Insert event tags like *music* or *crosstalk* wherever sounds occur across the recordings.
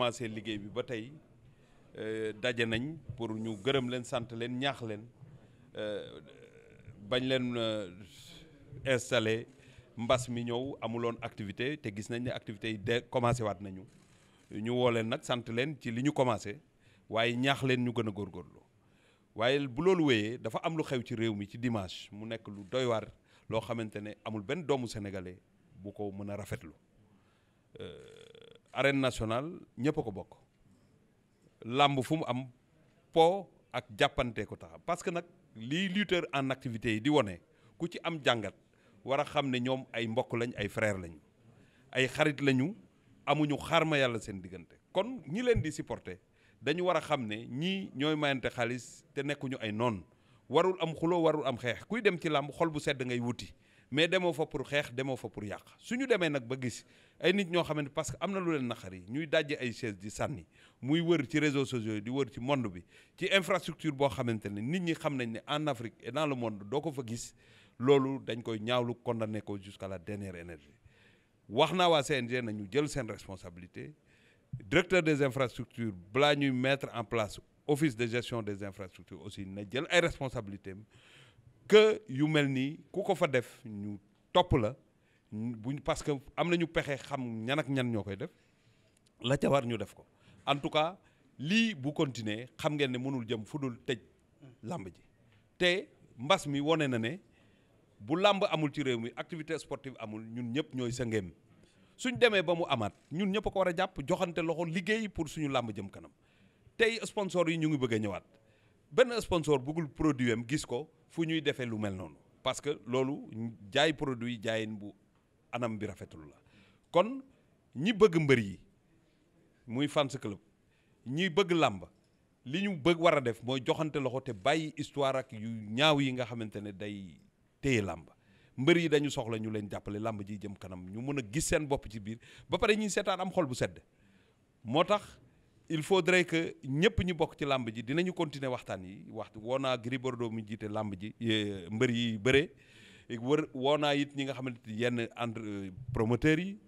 commencé liggéey bi ba tey euh, daje nañ pour ñu gërëm leen sant leen ñaax leen euh, bañ leen euh, installé mbas mi ñëw amuloon activité te gis nañ ne activités yi de commencé waat nañu ñu woo nag sant leen ci li ñu commencé waaye ñaax leen ñu gën a góorgóorlu waaye bu loolu wéyee dafa am lu xew ci réew mi ci dimanche mu nekk lu doy waar loo xamante ne amul benn doomu sénégalais bu ko mën a rafetlu. arraine nationale ñëpp ko bokk làmb fu mu am po ak jàppante ko tax parce que nag lii lutteur en activité yi di wone ku ci am jàngat war a xam ne ñoom ay mbokk lañ ay frère lañ ay xarit lañu amuñu xarma yàlla seen diggante kon ñi leen di supporter dañu war a xam ne ñii ñooy mayante xaalis te nekkuñu ay noon warul am xuloo warul am xeex kuy dem ci làmb xol bu sedd ngay wuti mais demoo fa pour xeex demoo fa pour yàq su ñu demee nag ba gis ay nit ñoo xamante parce que am na lu leen naqari ñuy daje ay chaise di sànni muy wër ci réseaux sociaux di wër ci monde bi ci infrastructure boo xamante ne nit ñi xam nañ ne en Afrique et dans le monde doo ko fa gis loolu dañ koy ñaawlu condamné ko jusqu'à la dernière énergie wax naa waa na ñu jël seen responsabilité directeur des infrastructures balaa ñuy mettre en place office de gestion des infrastructures aussi na jël ay responsabilités que yu mel ni ku ko fa def ñu topp la buñ parce que am nañu pexe xam ñan ak ñan ñoo koy def la ca war ñu def ko en tout cas lii bu continuer xam ngeen ne mënul jëm fu dul tëj làmb ji te mbas mi wone na ne bu làmb amul ci réew mi activité sportive amul ñun ñëpp ñooy sa ngéem suñ demee ba mu amaat ñun ñëpp a ko war a jàpp joxante loxo liggéey pour suñu làmb jëm kanam tey sponsor yi ñu ngi bëgg a ñëwaat benn sponsor bëggul produit am gis ko fu ñuy defee lu mel noonu parce que loolu jaay produit jaayin bu anam bi rafetul la kon ñi bëgg mbër yi muy fans club ñi bëgg làmb li ñu bëgg war a def mooy joxante loxo te bàyyi histoire ak yu ñaaw yi nga xamante ne day téye làmb mbër yi dañu soxla ñu leen jàppale làmb ji jëm kanam ñu mën a gis seen bopp ci biir ba pare ñuy seetaan am xol bu sedd moo tax il faut faudrait que ñëpp ñu bokk ci làmb ji dinañu continuer waxtaan yi waxtu woo naa Gris Bordeaux mu jiite làmb ji mbër yi bëree wër woo naa it ñi nga xamante ni yenn entre euh, promoteurs yi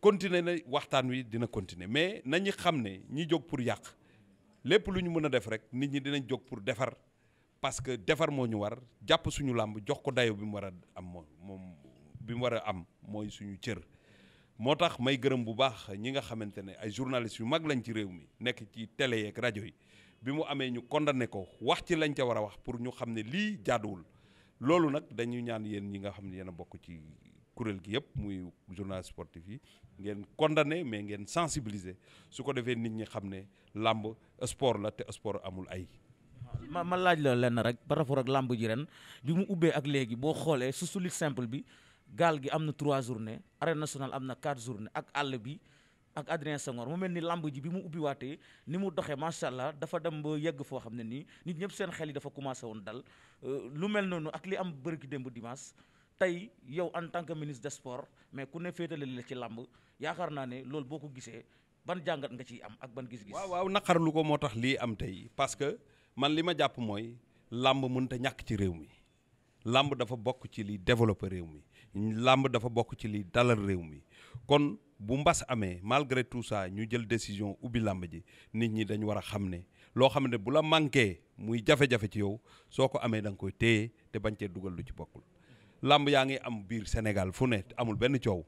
continuer na waxtaan wi dina continuer mais nañu xam ne ñi jóg pour yàq lépp lu ñu mën a def rek nit ñi dinañ jóg pour defar parce que defar moo ñu war jàpp suñu làmb jox ko dayo bi mu war a am moom bi mu war a am mooy suñu cër moo tax may gërëm bu baax ñi nga xamante ne ay journalistes yu mag lañ ci réew mi nekk ci télé yeeg rajo yi bi mu amee ñu condamné ko wax ci lañ ca war a wax pour ñu xam ne lii jaaduwul loolu nag dañu ñaan yéen ñi nga xam ne yéen a bokk ci kuréel gi yëpp muy journaliste sportif yi ngeen condamné mais ngeen sensibiliser su ko defee nit ñi xam ne làmb sport la te sport amul ay. ma ma laaj la lenn rek par rapport ak làmb ji ren bi mu ubbee ak léegi boo xoolee su su simple bi. gaal gi am na trois journée arène nationale am na quatre journée ak àll bi ak Adrien Senghor mu mel ni làmb ji bi mu ubbi waatee ni mu doxee macha allah dafa dem yegg foo xam ne nii nit ñëpp seen xel yi dafa commencé woon dal euh, lu mel noonu ak li am bëri bërki démb dimanche tey yow en tant que ministre de sports mais ku ne féetale la ci làmb yaakaar naa ne loolu boo ko gisee ban jàngat nga ciy am ak ban gis-gis. waaw waaw naqarlu ko moo tax lii am tey parce que man li ma jàpp mooy làmb mënut ñàkk ci réew mi làmb dafa bokk ci li développé réew mi. làmb dafa bokk ci lii dalal réew mi kon bu mbas amee malgré tout saa ñu jël décision ubbi làmb ji nit ñi dañu war a xam ne loo xam ne bu la manqué muy jafe-jafe ci yow soo ko amee da nga koy téye te bañ cee dugal lu ci bokkul làmb yaa ngi am biir Sénégal fu ne amul benn coow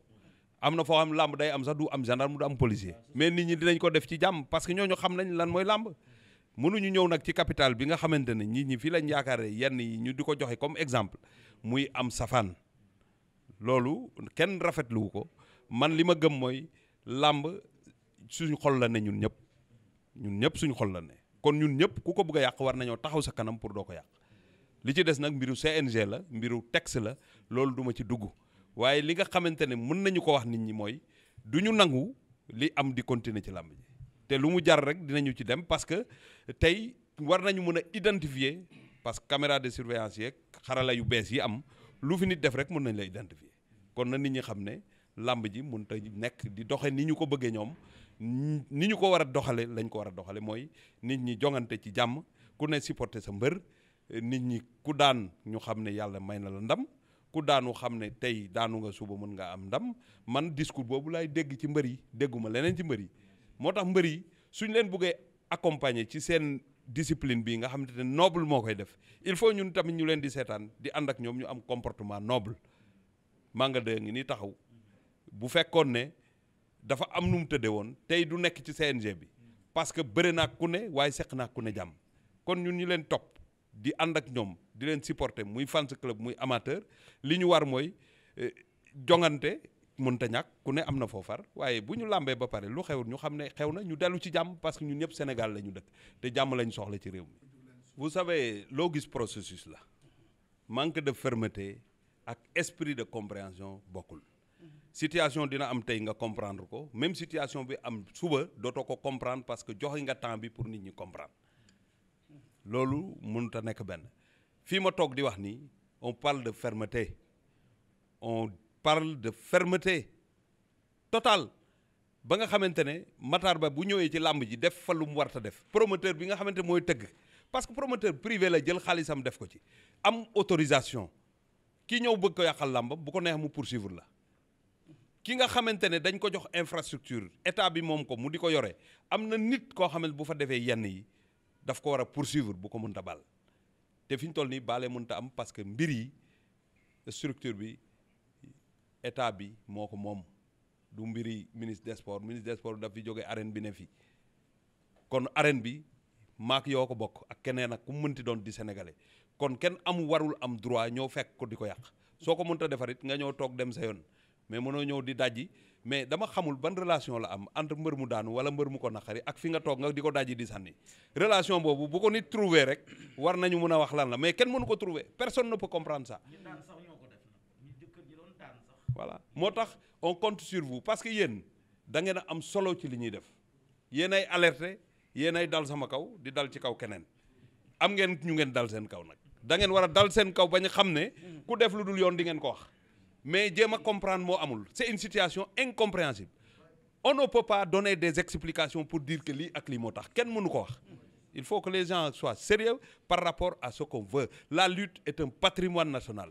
am na foo xam làmb day am sax du am gendarme du am policier mais nit ñi dinañ ko def ci jàmm parce que ñooñu xam nañ lan mooy làmb mënuñu ñëw nag ci capital bi nga xamante ne nit ñi fii lañ yaakaare yenn yi ñu di ko joxe comme exemple muy am safaan loolu kenn rafetluwu ko man li ma gëm mooy làmb suñu xol la ne ñun ñëpp ñun ñëpp suñu xol la ne kon ñun ñëpp ku ko bëgg a yàq war nañoo taxaw sa kanam pour doo ko yàq li ci des nag mbiru CNG la mbiru texte la loolu duma ci dugg waaye li nga xamante ne mën nañu ko wax nit ñi mooy du ñu nangu li am di continuer ci làmb ji te lu mu jar rek dinañu ci dem parce que tey war nañu mën a identifier parce que caméra de surveillance yeeg xarala yu bees yi am lu fi nit def rek mën nañ la identifier kon na nit ñi xam ne làmb ji mën ta nekk di doxe ni ñu ko bëggee ñoom ni ñu ko war a doxale lañ ko war a doxale mooy nit ñi jongante ci jàmm ku ne supporter sa mbër nit ñi ku daan ñu xam ne yàlla may na la ndam ku daanu xam ne tey daanu nga suba mun nga am ndam man discours boobu laay dégg ci mbër yi dégguma leneen ci mbër yi moo tax mbër yi suñ leen buggee accompagner ci seen disipline bi nga xamante ne noble moo koy def il faut ñun tamit ñu leen di seetaan di ànd ak ñoom ñu am comportement noble Manga 2 ngi ni taxaw bu fekkoon ne dafa am nu mu tëddee woon tey du nekk ci CNG bi parce que bëre naa ku ne waaye seq naa ku ne jàmm kon ñun ñu leen topp di ànd ak ñoom di leen supporter muy fans club muy amateur li ñu war mooy eh, jongante mënta ñàkk ku ne am na foofar waaye bu ñu làmbee ba pare lu xew ñu xam ne xew na ñu dellu ci jàmm parce que ñun ñëpp Sénégal la ñu dëkk te jàmm lañ soxla ci réew mi. vous savez loo gis processus la manque de fermeté ak esprit de compréhension bokkul situation dina am tey nga comprendre ko même situation bi am suba dootoo ko comprendre parce que joxe nga temps bi pour nit ñi comprendre loolu mënut a nekk benn fii ma toog di wax nii on parle de fermeté on. parle de fermeté total ba nga xamante ne Matar Ba bu ñëwee ci làmb ji def fa lu mu warta def promoteur bi nga xamante mooy tëgg parce que promoteur privé la jël xaalisam def ko ci am autorisation ki ñëw bëgg ko yàqal làmbam bu ko neex mu poursuivre la ki nga xamante ne dañ ko jox infrastructure état bi moom ko mu di ko yore am na nit koo xamante bu fa defee yenn yi daf ko war a poursuivre bu ko mënta bal te fi ñu toll nii baale mënta am parce que mbir yi structure bi état bi moo ko moom du mbiri ministre des sports ministre des sports daf fi jóge arène bi ne fi kon arène bi maak yoo ko bokk ak keneen ak ku mënti doon di sénégale kon kenn amu warul am droit ñoo fekk ko di ko yàq soo ko mënta defarit nga ñëw toog dem sa yoon mais mënoo ñëw di dajji mais dama xamul ban relation la am entre mbër mu daanu wala mbër mu ko naqari ak fi nga toog nga di ko dajji di sànni relation boobu bu ko nit trouver rek war nañu mën a wax lan la mais kenn mënu ko trouver personne voilà moo tax on compte sur vous parce que yéen da ngeen a am solo ci li ñuy def yéen ay alerté yéen ay dal sama kaw di dal ci kaw keneen am ngeen ñu ngeen dal seen kaw nag da ngeen war a dal seen kaw ba ñu xam ne ku def lu dul yoon di ngeen ko wax mais jéem a comprendre moo amul c'est une situation incompréhensible on ne peut pas donner des explications pour dire que lii ak lii moo tax kenn mënu ko wax il faut que les gens soient sérieux par rapport à ce qu'on veut la lutte est un national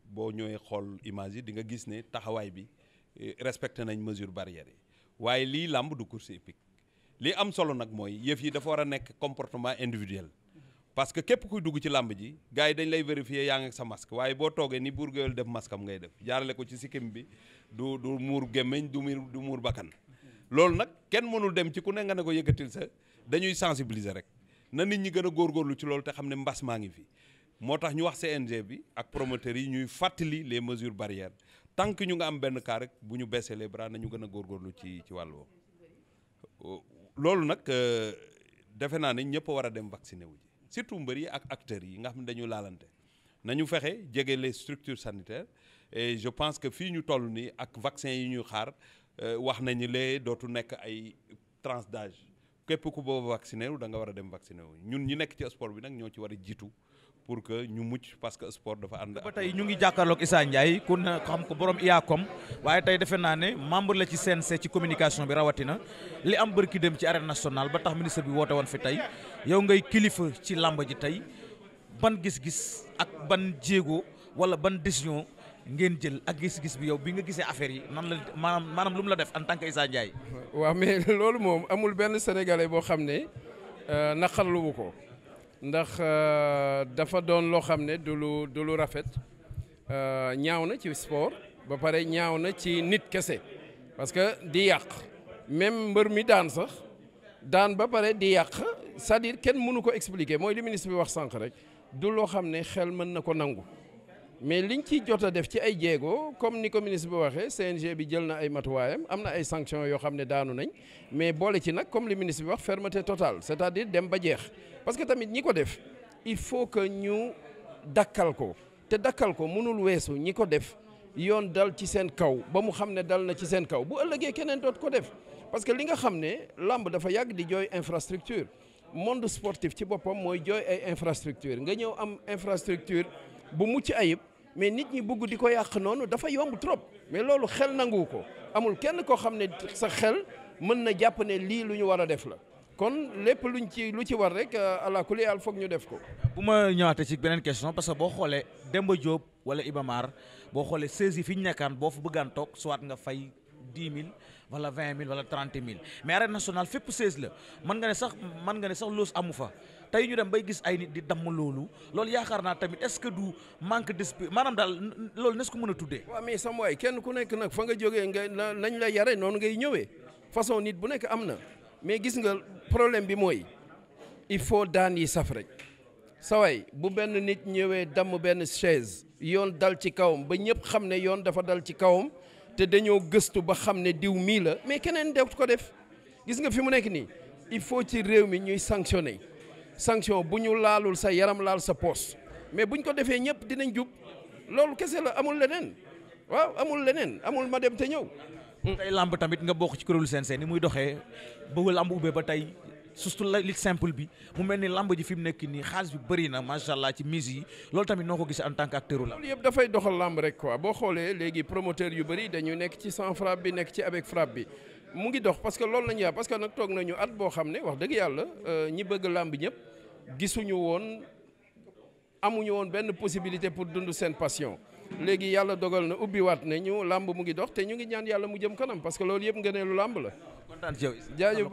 boo ñëwee xool image dinga gis ne taxawaay bi eh, respecté nañ mesure barrière yi waaye lii làmb du course épique lii am solo nag mooy yëf yi dafa war a nekk comportement individuel parce que képp kuy dugg ci làmb ji gars yi dañ lay vérifier yaa ngi sa masque waaye boo toogee ni buur géwél def masque am ngay def jaarale ko ci sikkim bi du du muur gémmiñ du muur du muur bakkan loolu nag kenn mënul dem ci ku ne nga ne ko yëkkatil sa dañuy sensibiliser rek na nit ñi gën a góorgóorlu ci loolu te xam ne mbas maa ngi fi moo tax ñu wax CNG bi ak promoteurs yi ñuy fàttali les mesures barrières tant que ñu nga am benn cas rek bu ñu baisser les bras nañu gën a góorgóorlu ci ci wàll woowu euh, loolu nag euh, defe naa ne ñëpp war a dem vacciner wu ji surtout mbër yi ak acteurs yi nga xam ne dañu laalante nañu fexe jege les structures sanitaires et je pense que fii ñu toll nii ak vaccin yi ñuy xaar euh, wax nañu lee dootu nekk ay tranche d'âge képp ku booba vacciné wu da nga war a dem vacciné wu ñun ñu nekk ci sport bi nag ñoo ci war a jiitu pour que ñu mucc parce que sport dafa ànd. ba tey ñu ngi jàkkaarloog Issa Ndiaye ku ne xam ko borom IACOM waaye tey defe naa ne membre la ci seen CNC ci communication bi rawatina li am bërki dem ci arène nationale ba tax ministre bi woote woon fi tey yow ngay kilifa ci làmb ji tey ban gis-gis ak ban jéego wala ban décision. ngeen jël ak gis-gis bi yow bi nga gisee affaire yi man la maanaam maanaam lu mu la def en tant que Issa Ndiaye. mais *laughs* loolu moom amul benn sénégalais boo xam ne euh, naqarlu wu ko. ndax euh, dafa doon loo xam ne du lu du lu rafet euh, ñaaw na ci sport ba pare ñaaw na ci nit kese parce que di yàq même mbër mi daan sax daan ba pare di yàq cest à kenn mënu ko expliquer mooy li ministre bi wax sànq rek du loo xam ne xel mën na ko nangu mais liñ ci jot a def ci ay jéego comme ni ko ministre bi waxee CNG bi jël na ay matuwaayam am na ay sanctions yoo xam ne daanu nañ mais boole ci nag comme li ministre bi wax fermeté total c'est-à-dire dem ba jeex parce que tamit ñi ko def il faut que ñu dakkal ko te dakkal ko mënul weesu ñi ko def yoon dal ci seen kaw ba mu xam ne dal na ci seen kaw bu ëllëgee keneen doot ko def parce que li nga xam ne làmb dafa yàgg di jooy infrastructure monde sportif ci boppam mooy jooy ay infrastructure nga ñëw am infrastructure bu mucc ayib mais nit ñi bugg di ko yàq noonu dafa yomb trop mais loolu xel nangu ko amul kenn koo xam ne sa xel mën na jàpp ne lii lu ñu war a def la kon lépp luñ ci lu ci war rek euh, allah kulli foog ñu def ko. bu ma ñëwaatee ci beneen question parce que boo xoolee Demba Diop wala Iba boo xoolee saisi fi ñu nekkaan boo fa bëggaan toog soit nga fay dix mille wala vingt mille wala trente mille mais arène nationale fépp saisi la mën nga ne sax mën nga ne sax amu fa. tey ñu dem bay gis ay nit di damm loolu loolu yaakaar naa tamit est-ce que du manque d'esprit maanaam daal loolu nes ko mën a tuddee waaw mais sam waay kenn ku nekk nag fa nga jógee nañ la yare noonu ngay ñëwee façon nit bu nekk am na mais gis nga problème bi mooy il faut daan yi saf rek saway bu benn nit ñëwee damm benn chaise yoon dal ci kawam ba ñëpp xam ne yoon dafa dal ci kawam te dañoo gëstu ba xam ne diw mii la mais keneen def ko def gis nga fi mu nekk nii il faut ci réew mi ñuy sanctionner sanction bu ñu laalul sa yaram laal sa poos mais buñ ko defee ñëpp dinañ jub loolu kese la amul leneen waaw amul leneen amul ma dem te ñëw. Mm. tey làmb tamit nga bokk ci kuréelu CNG ni muy doxee bëgg làmb ubbee ba tey surtout la lutte simple bi mu mel ni làmb ji fi nekk nii xaalis bi na macha allah ci mise yi loolu tamit noo ko gisee en tant yëpp dafay doxal làmb rek quoi boo xoolee léegi promoteur yu bëri dañu nekk ci sans bi nekk ci avec frappe bi. mu ngi dox parce que loolu la ñu parce que nag toog nañu at boo xam ne wax dëgg yàlla euh, ñi bëgg làmb ñëpp. gisuñu woon amuñu woon benn possibilité pour dund seen passion léegi yàlla dogal na ubbiwaat nañu làmb mu ngi dox te ñu ngi ñaan yàlla mu jëm kanam parce que loolu yëpp ngëneelu làmb la. kontaan ci yow jaajëf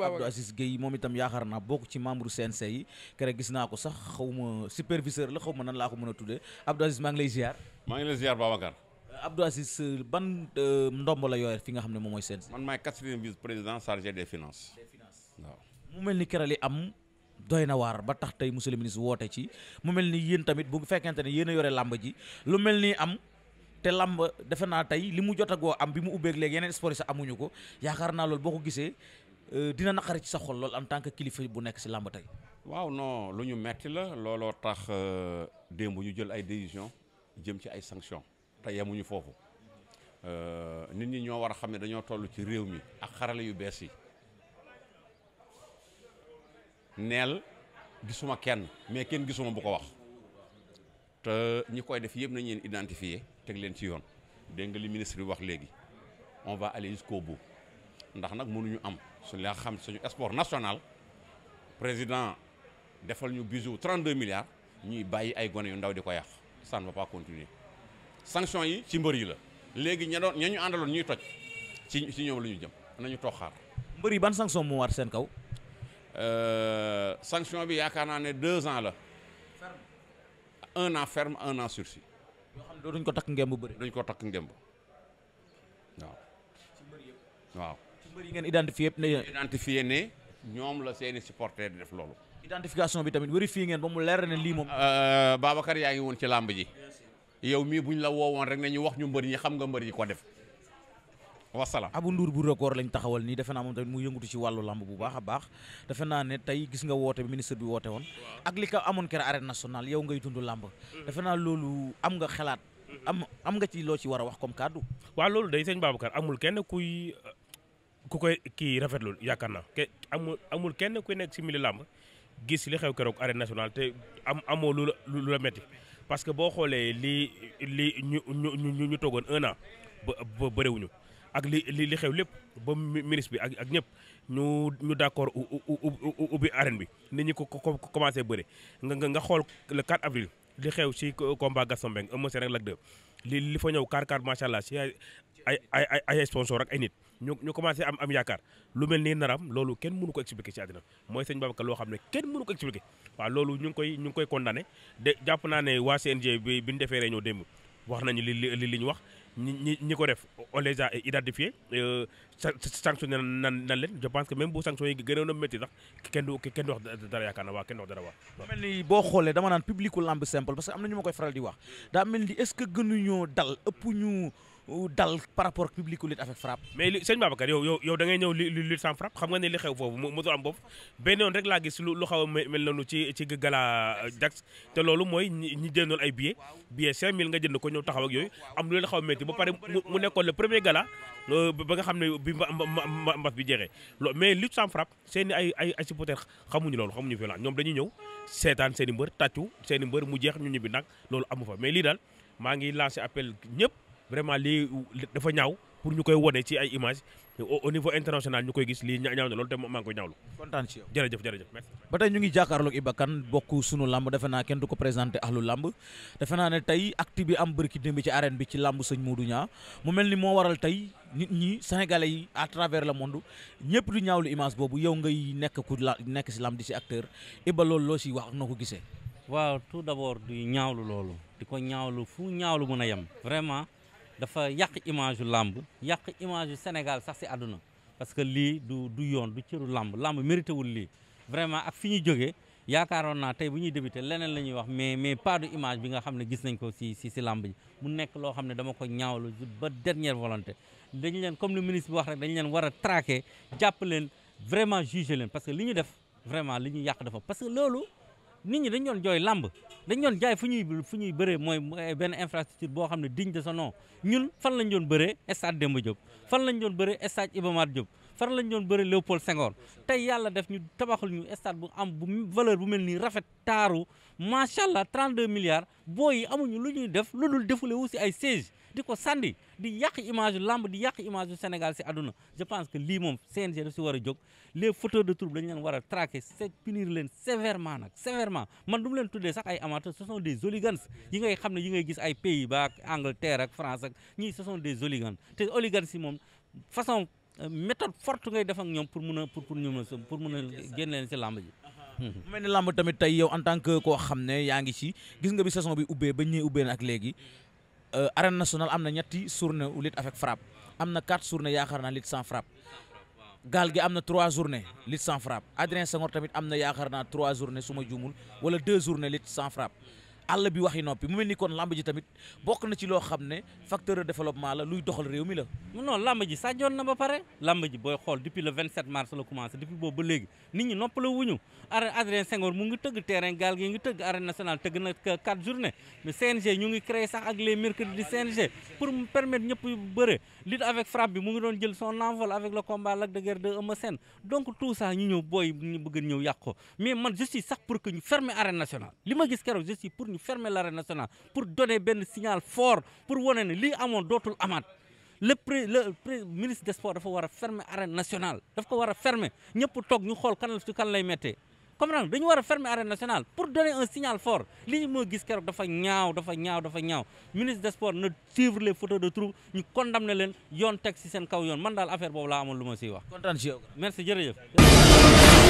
moom itam yaakaar naa bokk ci membre CNC yi keroog gis naa ko sax xaw ma superviseur la xaw ma nan laa ko mën a tuddee Abdou Aziz maa ngi lay ziar. maa ngi lay ziar Babacar. Abdou Aziz ban euh, ndombo la yore fi nga xam ne moom mooy CNC. man maay quatrième vice président chargé des finances. des finances waaw mu mel ni keroog li am. doy na waar ba tax tey monsieur le ministre woote ci mu mel ni yéen tamit bu fekkente ne yéen yore làmb ji lu mel ni am te làmb defe naa tey li mu jotagoo am bi mu ubbeeg léegi yeneen sport yi sax amuñu ko yaakaar naa loolu boo ko gisee euh, dina naqari ci sa xol lool am tant que kilifa bu nekk si làmb tey. waaw non lu ñu metti la looloo tax euh, démb ñu jël ay décision jëm ci ay sanctions te yemuñu foofu euh, nit ñi ñoo war a xam ne dañoo toll ci réew mi ak xarale yu bees yi. neel gisuma kenn mais kenn gisuma bu ko wax te ñi koy def yëpp nañ leen identifier teg leen ci yoon dégg nga li ministre bi wax léegi on va aller jusqu'au bout ndax nag mënuñu am su la xam suñu sport national président defal ñu bijou 32 milliards ñuy bàyyi ay gone yu ndaw di ko yàq ça ne continuer sanction yi ci mbër yi la léegi ña doon ña ñu àndaloon ñuy toj ci ci ñoom la ñu jëm nañu toog xaar mbër yi ban sanction moo war seen kaw Euh, sanction bi yaakaar naa ne deux ans la. ferme un an ferme un an sursis. yoo xam ne duñ ko takk ngemb bu bëri. duñ ko takk ngemb waaw. waaw. ci mbër ngeen identifié yëpp ne. identifié ne ñoom la seeni supporter di def loolu. identification bi tamit wëri fii ngeen ba mu leer ne lii moom. Euh, Babacar yaa ngi woon ci làmb ji. yow mii buñ la woowoon rek ne ñu wax ñu mbër ñi xam nga mbër ñi ko def. wasalaam abu nduur bu record lañ taxawal nii defe naa moom tamit mu yëngutu ci wàllu lamb bu baax baax defe naa ne tey gis nga woote bi ministre bi woote woon ak li ko amoon kere arène nationale yow ngay tund lamb mm-hmm. defe naa loolu am nga xalaat mm-hmm. am am nga ci loo ci war a wax comme kàddu waaw loolu day sëñ Babacar amul kenn kuy ku koy kii rafetlu yaakaar naa ke amul amul kenn kuy nekk si milieu lamb gis li xew keroog arène national te am amoo lu la lu la métti que boo xoolee li li ñu ñu toogoon un an ba ak li li li xew lépp ba ministre bi ak ak ñëpp ñu ñu d'accord ubbi arène bi nit ñi ko ko ko commencé bëre nga nga nga xool le 4 avril li xew ci combat Gaston Mbengue Eumeu Sène rek Lac 2 li fa ñëw kaar kaar macha allah ci ay ay ay ay ak ay nit ñu ñu commencé am am yaakaar lu mel ni naram loolu kenn mënu ko expliquer ci àddina mooy sëñ Babacar loo xam ne kenn mënu ko expliquer waa loolu ñu ngi koy ñu ngi koy condamné de jàpp naa ne waa CNG bi bi ñu defee réunion démb wax nañu li li li ñu wax. ñi ñi ñi ko def on les a identifiés euh, nan leen pense que même bu sanction yi gënoon a sax kenn du dara yaakaar waa kenn du dara waa mel ni boo xoolee dama naan publicu lamb simple parce que am na ñu ma koy faral di wax daa mel ni est-ce que gënuñoo dal ëpp ñu dal par rapport public mais li sëñ Babacar yow yow yow da ngay ñëw li lutte sans frappe xam nga ne xew foofu mu mosul am bopp benn yoon rek laa gis lu xaw a mel noonu ci gala Dax euh, te loolu mooy ñi jëndoon ay billets billet 5000 nga jënd ko ñëw taxaw ak yooyu am lu leen xaw a métti ba pare mu nekkoon le premier gala euh, ba nga xam ne bi mbas bi jeexee lo mais lutte sans frappe seen ay ay ay supporters xamuñu loolu xamuñu fi la ñoom dañuy ñëw seetaan seen i mbër tàccu seen mbër mu jeex ñu ñibbi nag loolu amu fa mais lii daal maa ngi lancé appel ñëpp vraiment lii dafa ñaaw pour ñu koy wone ci ay image au niveau international ñu koy gis lii ñaaw na loolu te maa ngi koy ñaawlu. kontaan ci yow jërëjëf jërëjëf merci. ba tey ñu naa kenn du ko présenté ahlu lamb defe naa ne tey acte bi am bërki démb ci arène bi ci lamb sëñ Modou Niang mu mel ni moo waral tey ñi sénégalais à travers le monde ñëpp du ñaawlu image boobu yow ngay nekk ku la nekk si lamb si acteur Iba loo si wax ak noo ko gisee. waaw tout d'abord du ñaawlu loolu. di ko ñaawlu fu ñaawlu mën a yem. vraiment. dafa yàq image yu làmb yàq image yu Sénégal sax si àdduna parce que lii du du yoon du cëru làmb làmb mérité wul lii vraiment ak fi ñu jógee yaakaaroon naa tey bu ñuy débuté leneen la ñuy wax mais mais pas de image bi nga xam ne gis nañ ko si si si làmb ji mu nekk loo xam ne dama ko ñaawlu ba dernière volonté dañu leen comme le ministre bi wax rek dañu leen war a traqué jàpp leen vraiment juger leen parce que li ñu def vraiment li ñu yàq dafa parce que loolu nit ñi dañ doon jooy làmb dañ doon jaay fu ñuy fu ñuy bëree mooy benn infrastructure boo xam ne digne de son nom ñun fan lañ doon bëree stade Demba Diop fan lañ doon bëree stade Iba Mar far lañ doon bëri Léopold Senghor tey yàlla def ñu tabaxul ñu stade bu am bu valeur bu mel nii rafet taaru macha allah 32 milliards booy yi amuñu lu ñuy def lu dul defule wu si ay siège di ko sandi di yàq image lamb di yàq image Sénégal si àdduna je pense que lii moom CNG daf si war a jog les fauteurs de trouble dañu war a traquer c'est punir leen sévèrement nag sévèrement man du mu leen tuddee sax ay amateurs ce sont des oligans yi ngay xam ne yi ngay gis ay Pays-Bas ak Angleterre ak France ak ñii ce des oligans te méthode forte ngay def ak ñoom pour mun a pour pour ñu pour mun a génn leen ci làmb ji. Uh-huh. mu mel ni làmb tamit tey yow en tant que koo xam ne yaa ngi ci gis nga bi saison bi ubbee ba ñëwee ubbee na ak léegi. Uh, arène nationale am na ñetti journée lutte avec frappe am na quatre journée yaakaar naa lutte sans frappe gaal gi am na trois journée lutte sans frappe Adrien Senghor tamit am na yaakaar naa trois journée su ma juumul wala deux journée lutte sans àll bi waxi noppi mu mel ni kon làmb ji tamit bokk na ci loo xam ne facteur de la luy doxal réew mi la. non làmb ji sàjjoon na ba pare. làmb ji booy xool depuis le mars la commencé depuis boobu ba léegi nit ñi noppala wuñu arène Adrien Senghor mu ngi tëgg terrain gaal gi ngi tëgg arène nationale tëgg na 4 journée mais CNG ñu ngi créé sax ak les mercredis du CNG pour mu permettre bëre lutte avec frappe bi mu ngi doon jël son envol ñu fermer l'arène national pour donner benn signal fort pour wane ne lii amoon dootul amaat le pré le ministre des sports dafa war a fermer arène nationale daf ko war a fermer ñëpp toog ñu xool kan kan lay méttee comme nag dañu war a fermer arène nationale pour donner un signal fort lii moo gis keroog dafa ñaaw dafa ñaaw dafa ñaaw ministre des sports na suivre les photos de troupe ñu condamné leen yoon teg si seen kaw yoon man daal affaire boobu la amoon lu ma siy wax. kontaan si yow. merci